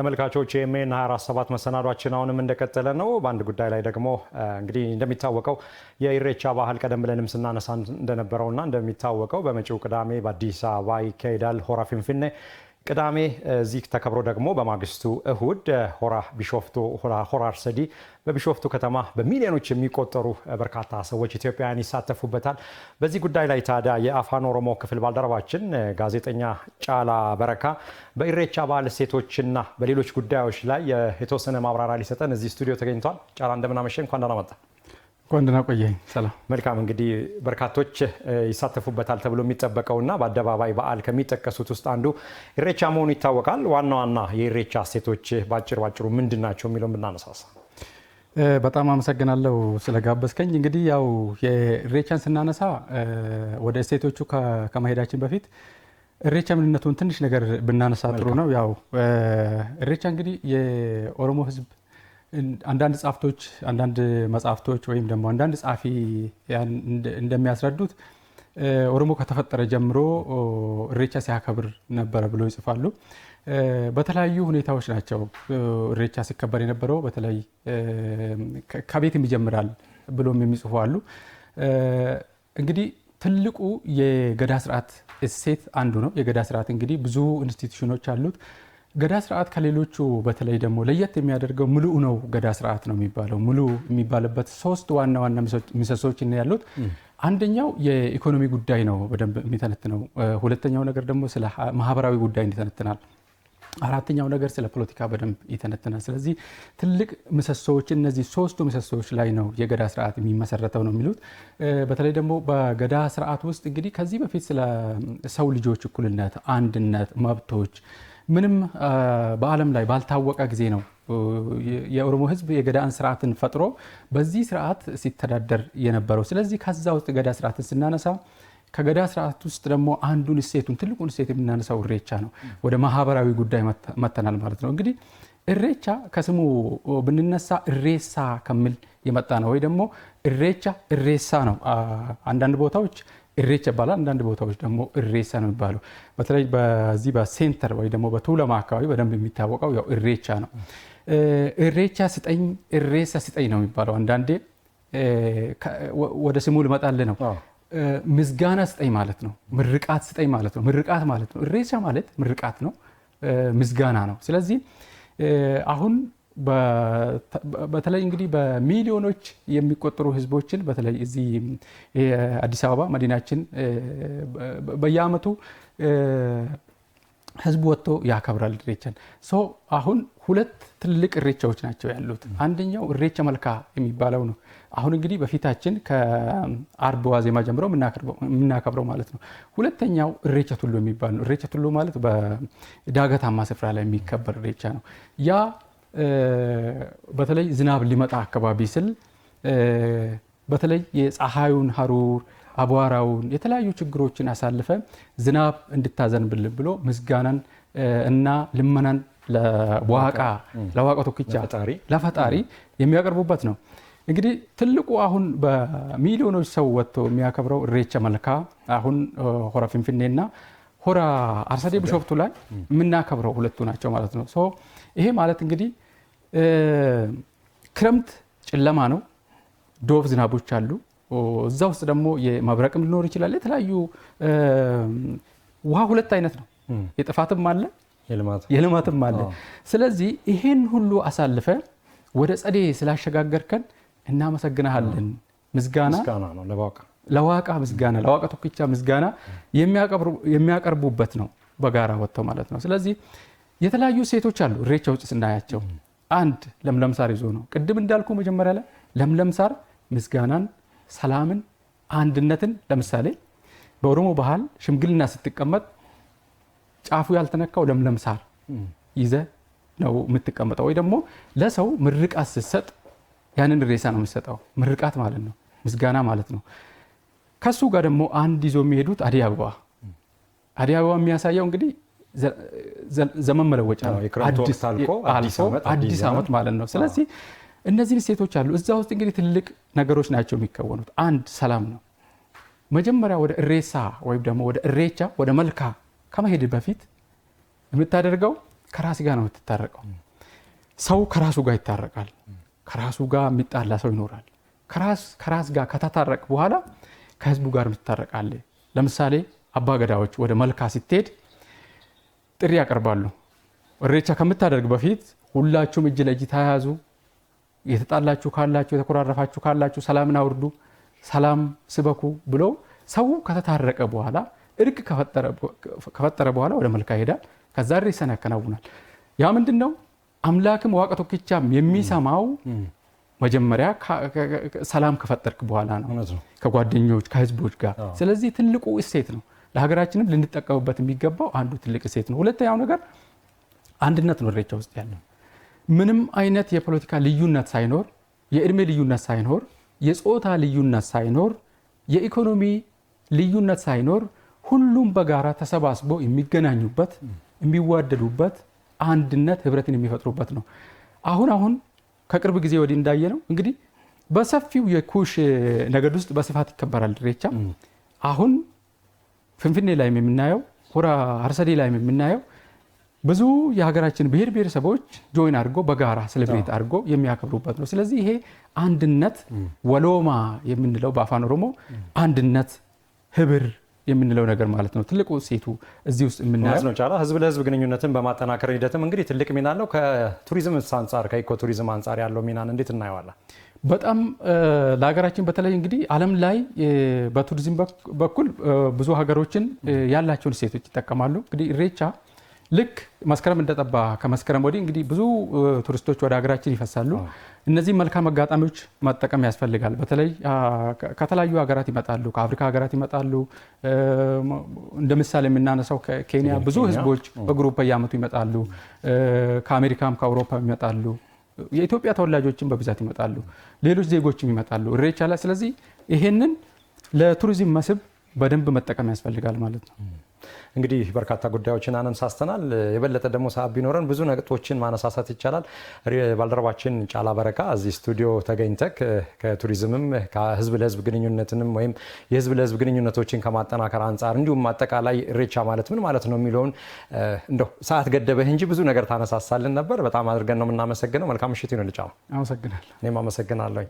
ተመልካቾች የኤኤምኤን 24/7 መሰናዷችን አሁንም እንደቀጠለ ነው። በአንድ ጉዳይ ላይ ደግሞ እንግዲህ እንደሚታወቀው የኢሬቻ ባህል ቀደም ብለንም ስናነሳ እንደነበረውና እንደሚታወቀው በመጪው ቅዳሜ በአዲስ አበባ ይካሄዳል ሆራ ፊንፊኔ ቅዳሜ እዚህ ተከብሮ ደግሞ በማግስቱ እሁድ ሆራ ቢሾፍቱ ሆራ አርሰዲ በቢሾፍቱ ከተማ በሚሊዮኖች የሚቆጠሩ በርካታ ሰዎች ኢትዮጵያውያን ይሳተፉበታል። በዚህ ጉዳይ ላይ ታዲያ የአፋን ኦሮሞ ክፍል ባልደረባችን ጋዜጠኛ ጫላ በረካ በኢሬቻ በዓል ሴቶችና በሌሎች ጉዳዮች ላይ የተወሰነ ማብራሪያ ሊሰጠን እዚህ ስቱዲዮ ተገኝቷል። ጫላ እንደምናመሸ እንኳን ደህና መጣ። ቆንድና ቆየኝ ሰላም መልካም። እንግዲህ በርካቶች ይሳተፉበታል ተብሎ የሚጠበቀውና በአደባባይ በዓል ከሚጠቀሱት ውስጥ አንዱ ኢሬቻ መሆኑ ይታወቃል። ዋና ዋና የኢሬቻ እሴቶች ባጭር ባጭሩ ምንድን ናቸው የሚለው ብናነሳሳ። በጣም አመሰግናለሁ ስለጋበዝከኝ። እንግዲህ ያው የኢሬቻን ስናነሳ ወደ እሴቶቹ ከመሄዳችን በፊት ኢሬቻ ምንነቱን ትንሽ ነገር ብናነሳ ጥሩ ነው። ያው ኢሬቻ እንግዲህ የኦሮሞ ሕዝብ አንዳንድ ጻፍቶች አንዳንድ መጽሐፍቶች ወይም ደግሞ አንዳንድ ጻፊ እንደሚያስረዱት ኦሮሞ ከተፈጠረ ጀምሮ እሬቻ ሲያከብር ነበረ ብሎ ይጽፋሉ። በተለያዩ ሁኔታዎች ናቸው እሬቻ ሲከበር የነበረው። በተለይ ከቤትም ይጀምራል ብሎም የሚጽፉ አሉ። እንግዲህ ትልቁ የገዳ ስርዓት እሴት አንዱ ነው። የገዳ ስርዓት እንግዲህ ብዙ ኢንስቲትዩሽኖች አሉት። ገዳ ስርዓት ከሌሎቹ በተለይ ደግሞ ለየት የሚያደርገው ሙሉ ነው ገዳ ስርዓት ነው የሚባለው። ሙሉ የሚባልበት ሶስት ዋና ዋና ምሰሶች እና ያሉት አንደኛው የኢኮኖሚ ጉዳይ ነው በደንብ የሚተነትነው። ሁለተኛው ነገር ደግሞ ስለ ማህበራዊ ጉዳይ ይተነትናል። አራተኛው ነገር ስለ ፖለቲካ በደንብ ይተነትናል። ስለዚህ ትልቅ ምሰሶዎች እነዚህ ሶስቱ ምሰሶዎች ላይ ነው የገዳ ስርዓት የሚመሰረተው ነው የሚሉት። በተለይ ደግሞ በገዳ ስርዓት ውስጥ እንግዲህ ከዚህ በፊት ስለ ሰው ልጆች እኩልነት፣ አንድነት፣ መብቶች ምንም በዓለም ላይ ባልታወቀ ጊዜ ነው የኦሮሞ ህዝብ የገዳን ስርዓትን ፈጥሮ በዚህ ስርዓት ሲተዳደር የነበረው። ስለዚህ ከዛ ውስጥ ገዳ ስርዓትን ስናነሳ ከገዳ ስርዓት ውስጥ ደግሞ አንዱን እሴቱን ትልቁን እሴት የምናነሳው እሬቻ ነው። ወደ ማህበራዊ ጉዳይ መተናል ማለት ነው። እንግዲህ እሬቻ ከስሙ ብንነሳ እሬሳ ከሚል የመጣ ነው ወይ ደግሞ እሬቻ እሬሳ ነው አንዳንድ ቦታዎች እሬቻ ይባላል። አንዳንድ ቦታዎች ደግሞ እሬሳ ነው የሚባለው። በተለይ በዚህ በሴንተር ወይ ደግሞ በቱለማ አካባቢ በደንብ የሚታወቀው ያው እሬቻ ነው። እሬቻ ስጠኝ፣ እሬሳ ስጠኝ ነው የሚባለው። አንዳንዴ ወደ ስሙ ልመጣልህ ነው። ምስጋና ስጠኝ ማለት ነው። ምርቃት ስጠኝ ማለት ነው። ምርቃት ማለት ነው። እሬቻ ማለት ምርቃት ነው፣ ምስጋና ነው። ስለዚህ አሁን በተለይ እንግዲህ በሚሊዮኖች የሚቆጠሩ ህዝቦችን በተለይ እዚህ አዲስ አበባ መዲናችን በየአመቱ ህዝብ ወጥቶ ያከብራል ኢሬቻን። አሁን ሁለት ትልቅ እሬቻዎች ናቸው ያሉት። አንደኛው እሬቻ መልካ የሚባለው ነው። አሁን እንግዲህ በፊታችን ከአርብ ዋዜማ ጀምሮ የምናከብረው ማለት ነው። ሁለተኛው እሬቻ ቱሉ የሚባል ነው። እሬቻ ቱሉ ማለት በዳገታማ ስፍራ ላይ የሚከበር እሬቻ ነው ያ በተለይ ዝናብ ሊመጣ አካባቢ ስል በተለይ የፀሐዩን ሀሩር አቧራውን የተለያዩ ችግሮችን አሳልፈ ዝናብ እንድታዘንብልን ብሎ ምስጋናን እና ልመናን ለዋቃ ለዋቃ ቶክቻ ለፈጣሪ የሚያቀርቡበት ነው። እንግዲህ ትልቁ አሁን በሚሊዮኖች ሰው ወጥቶ የሚያከብረው እሬቸ መልካ አሁን ሆራ ፊንፊኔና ሆራ አርሰዴ ብሾፍቱ ላይ የምናከብረው ሁለቱ ናቸው ማለት ነው። ይሄ ማለት እንግዲህ ክረምት ጨለማ ነው፣ ዶፍ ዝናቦች አሉ። እዛ ውስጥ ደግሞ የመብረቅም ሊኖር ይችላል። የተለያዩ ውሃ ሁለት አይነት ነው፣ የጥፋትም አለ የልማትም አለ። ስለዚህ ይሄን ሁሉ አሳልፈ ወደ ጸዴ ስላሸጋገርከን እናመሰግናሃለን። ምስጋና ለዋቃ ምስጋና ለዋቃ ቶኪቻ ምስጋና የሚያቀርቡበት ነው በጋራ ወጥተው ማለት ነው። ስለዚህ የተለያዩ ሴቶች አሉ። እሬቻ ውጭ ስናያቸው አንድ ለምለም ሳር ይዞ ነው። ቅድም እንዳልኩ መጀመሪያ ላይ ለምለም ሳር ምስጋናን፣ ሰላምን፣ አንድነትን ለምሳሌ በኦሮሞ ባህል ሽምግልና ስትቀመጥ ጫፉ ያልተነካው ለምለም ሳር ይዘ ነው የምትቀመጠው። ወይ ደግሞ ለሰው ምርቃት ስትሰጥ ያንን ሬሳ ነው የምትሰጠው። ምርቃት ማለት ነው፣ ምስጋና ማለት ነው። ከሱ ጋር ደግሞ አንድ ይዞ የሚሄዱት አደይ አበባ አደይ አበባ የሚያሳየው እንግዲህ ዘመን መለወጫ ነው፣ አዲስ ዓመት ማለት ነው። ስለዚህ እነዚህን ሴቶች አሉ እዛ ውስጥ እንግዲህ ትልቅ ነገሮች ናቸው የሚከወኑት። አንድ ሰላም ነው። መጀመሪያ ወደ እሬሳ ወይም ደግሞ ወደ እሬቻ ወደ መልካ ከመሄድ በፊት የምታደርገው ከራስ ጋር ነው የምትታረቀው። ሰው ከራሱ ጋር ይታረቃል። ከራሱ ጋር የሚጣላ ሰው ይኖራል። ከራስ ጋር ከታታረቅ በኋላ ከህዝቡ ጋር የምትታረቃለ። ለምሳሌ አባገዳዎች ወደ መልካ ስትሄድ ጥሪ ያቀርባሉ። እሬቻ ከምታደርግ በፊት ሁላችሁም እጅ ለእጅ ተያያዙ፣ የተጣላችሁ ካላችሁ፣ የተኮራረፋችሁ ካላችሁ ሰላምን አውርዱ፣ ሰላም ስበኩ ብሎ ሰው ከተታረቀ በኋላ እርቅ ከፈጠረ በኋላ ወደ መልካ ይሄዳል። ከዛ እሬሳን ያከናውናል። ያ ምንድን ነው? አምላክም ዋቀ ቶኪቻም የሚሰማው መጀመሪያ ሰላም ከፈጠርክ በኋላ ነው፣ ከጓደኞች ከህዝቦች ጋር። ስለዚህ ትልቁ እሴት ነው። ለሀገራችንም ልንጠቀምበት የሚገባው አንዱ ትልቅ እሴት ነው። ሁለተኛው ነገር አንድነት ነው። ኢሬቻ ውስጥ ያለው ምንም አይነት የፖለቲካ ልዩነት ሳይኖር፣ የእድሜ ልዩነት ሳይኖር፣ የፆታ ልዩነት ሳይኖር፣ የኢኮኖሚ ልዩነት ሳይኖር ሁሉም በጋራ ተሰባስቦ የሚገናኙበት የሚዋደዱበት አንድነት ህብረትን የሚፈጥሩበት ነው። አሁን አሁን ከቅርብ ጊዜ ወዲህ እንዳየ ነው እንግዲህ በሰፊው የኩሽ ነገድ ውስጥ በስፋት ይከበራል ኢሬቻ አሁን ፍንፍኔ ላይም የምናየው ሆራ አርሰዴ ላይም የምናየው ብዙ የሀገራችን ብሔር ብሔረሰቦች ጆይን አድርጎ በጋራ ስለብሬት አድርጎ የሚያከብሩበት ነው። ስለዚህ ይሄ አንድነት ወሎማ የምንለው በአፋን ኦሮሞ አንድነት ህብር የምንለው ነገር ማለት ነው። ትልቁ ሴቱ እዚህ ውስጥ የምናየው ነው። ቻላ ህዝብ ለህዝብ ግንኙነትን በማጠናከር ሂደትም እንግዲህ ትልቅ ሚና አለው። ከቱሪዝም አንጻር ከኢኮቱሪዝም አንጻር ያለው ሚናን እንዴት እናየዋለን? በጣም ለሀገራችን በተለይ እንግዲህ ዓለም ላይ በቱሪዝም በኩል ብዙ ሀገሮችን ያላቸውን ሴቶች ይጠቀማሉ። እንግዲህ ኢሬቻ ልክ መስከረም እንደጠባ ከመስከረም ወዲህ እንግዲህ ብዙ ቱሪስቶች ወደ ሀገራችን ይፈሳሉ። እነዚህ መልካም አጋጣሚዎች መጠቀም ያስፈልጋል። በተለይ ከተለያዩ ሀገራት ይመጣሉ፣ ከአፍሪካ ሀገራት ይመጣሉ። እንደ ምሳሌ የምናነሳው ከኬንያ ብዙ ህዝቦች በግሩፕ በየአመቱ ይመጣሉ። ከአሜሪካም ከአውሮፓ ይመጣሉ። የኢትዮጵያ ተወላጆችን በብዛት ይመጣሉ፣ ሌሎች ዜጎችም ይመጣሉ እሬቻ ላይ። ስለዚህ ይሄንን ለቱሪዝም መስህብ በደንብ መጠቀም ያስፈልጋል ማለት ነው። እንግዲህ በርካታ ጉዳዮችን አነሳስተናል። የበለጠ ደግሞ ሰዓት ቢኖረን ብዙ ነጥቦችን ማነሳሳት ይቻላል። ባልደረባችን ጫላ በረካ እዚህ ስቱዲዮ ተገኝተክ ከቱሪዝምም ከህዝብ ለህዝብ ግንኙነትንም ወይም የህዝብ ለህዝብ ግንኙነቶችን ከማጠናከር አንጻር እንዲሁም አጠቃላይ ኢሬቻ ማለት ምን ማለት ነው የሚለውን እንደው ሰዓት ገደበህ እንጂ ብዙ ነገር ታነሳሳልን ነበር። በጣም አድርገን ነው የምናመሰግነው። መልካም ምሽት ይሁን። ልጫ አመሰግናለሁ። እኔም አመሰግናለሁኝ።